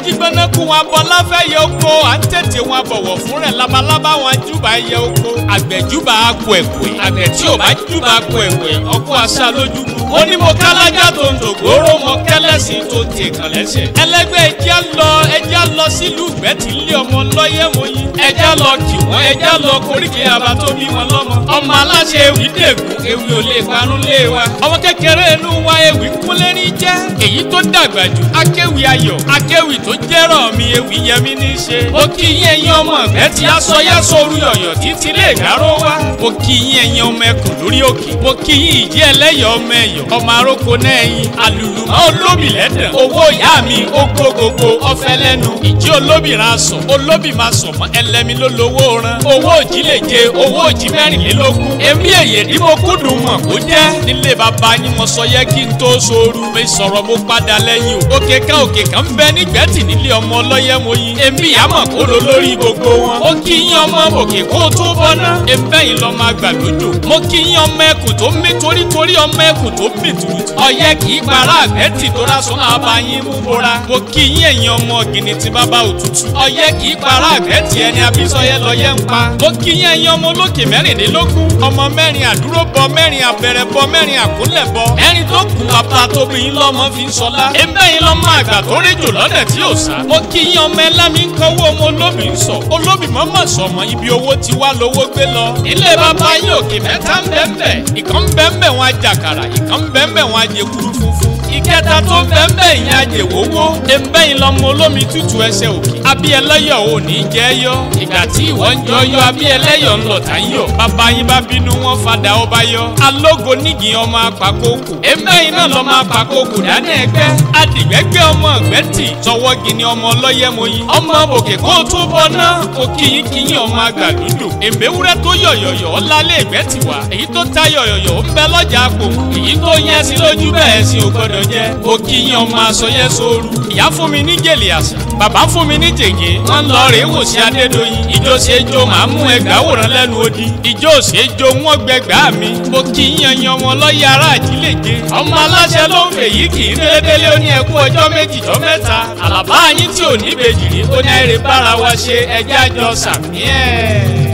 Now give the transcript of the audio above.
ajígbóná kú wọn bọ láfẹ̀yẹ oko à ń tètè wọn bọ̀wọ̀ fún rẹ̀ labalábá wọn júbà yẹ oko. àgbẹ̀júbà akọ̀ẹ̀kọ̀ẹ̀ àgbẹ̀ tí ò bá júbà akọ̀ẹ̀kọ̀ẹ̀ ọkọ̀ aṣá lójú kú. ó ní mo kálájà tó ń dògbòrò mọ kẹlẹ́sìn tó ti kàn lẹ́sẹ̀. ẹlẹ́gbẹ́ ẹjẹ́ lọ ẹjẹ́ lọ sílùú gbẹ́tìlé ọmọ lọ́yẹ̀ wọ̀nyí. ẹjẹ́ lọ kì wọ́n ẹjẹ́ lọ koríkì àbá tó bí wọn lọ́mọ. ọmọ aláṣẹ ewì dègùn ewì ò lè parun lé wa. ọmọ kékeré jẹ́ èyí tó dàgbà jù akéwì ayọ̀ akéwì tó jẹ́rọ̀ mi ewì yẹmi ní í ṣe. ó kí yín ẹ̀yin ọmọ ẹ̀gbẹ́ tí a sọ yá sóru yọ̀yọ̀ títí lè dáró wá. ó kí yín ẹ̀yin ọmọ ẹkùn lórí òkè. ó kí yín ìjì ẹlẹ́yọ̀ ọmọ ẹ̀yọ̀ ọmọ aróko náà ẹ̀yin alùlù máa olóbì lẹ́dàn. owó ìyá mi ó gbó gbogbo ọfẹ lẹ́nu. ìjì olóbì ra sọ olóbì mọ́ ẹlẹ́mi ọkùnrin sọ̀rọ̀ mo padà lẹ́yìn o. òkè kan òkè kan ń bẹ nígbẹ́tì nílé ọmọ ọlọ́yẹ mo yin. èmi àmọ̀ kó lo lórí gbogbo wọn. ó kí yín ọmọ òkè kó tó bọ́ná. èfẹ́ yìí lọ máa gbà lójú. mo kí yín ọmọ ẹkùn tó mí torí torí ọmọ ẹkùn tó mí tuurutu. ọyẹ kì í para àgbẹ̀tì tó rásán àbá yín mú bora. mo kí yín ẹ̀yin ọmọ gìnì ti bàbá òtútù. ọyẹ kì í para àgbẹ̀tì ẹni abisọyẹ lọyẹ ń pa. mo kí yín ẹ̀yin ọmọ olókè mẹ́rìnlélógún. ọmọ mẹ́rin àdúró bọ mẹ́rin lọ́mọ fi ń sọlá. ebe yìí lọ́mọ àgbà tó rí jù lọ́dẹ̀ tí ò sá. mo kí yín ọmọ ẹlẹ́mi ń kọ́wọ́ ọmọ olómi ń sọ. olómi mọ́mọ́ sọ̀mọ́ ibi owó ti wá lówó gbé lọ. ilé bàbá yín òkè mẹ́ta ń bẹ́ńbẹ́. ìkan ń bẹ́ńbẹ́ wọn àjàkàrà ìkan ń bẹ́ńbẹ́ wọn àjẹkúrú funfun ìkẹta tó bẹ́ẹ̀ yìí lọ́mọ olómi yìí lọ́mọ òkùnà ní ẹgbẹ́ adìgbẹ́gbẹ́ ọmọ ọ̀gbẹ́ tì gini ọmọ ọlọ́yẹ mo yin ọmọ òkè kó tó bọ náà o kíyìn kíyìn ọmọ àgbà dúdú èmẹ́wúrẹ́ tó yọ̀yọ̀yọ̀ lálẹ́ ìgbẹ́ ti wà èyí tó ta yọ̀yọ̀yọ̀ ń bẹ lọ́jà àpò èyí tó yẹn sí lójú bẹ́ẹ̀ sí o gbọ́dọ̀ jẹ́ o kíyìn ọmọ aṣọ yẹn sóoru ìyá fún mi ní gèlè àṣà bàbá fún mi ní jèjé wọn lọ rèé wò sí adédọyìn ìjó ṣe jó màá mú ẹgbàá wòran lẹ́nu odi ìjó ṣe jó wọn gbẹgbàá yìí kì í mélébélé ó ní ẹkú ọjọ́ méjìjọ́ mẹ́ta àlàbá yín tí ò ní ìbejì rí ó ní ẹ̀rẹ̀ bára wa ṣe ẹjẹ́ àjọ sàmí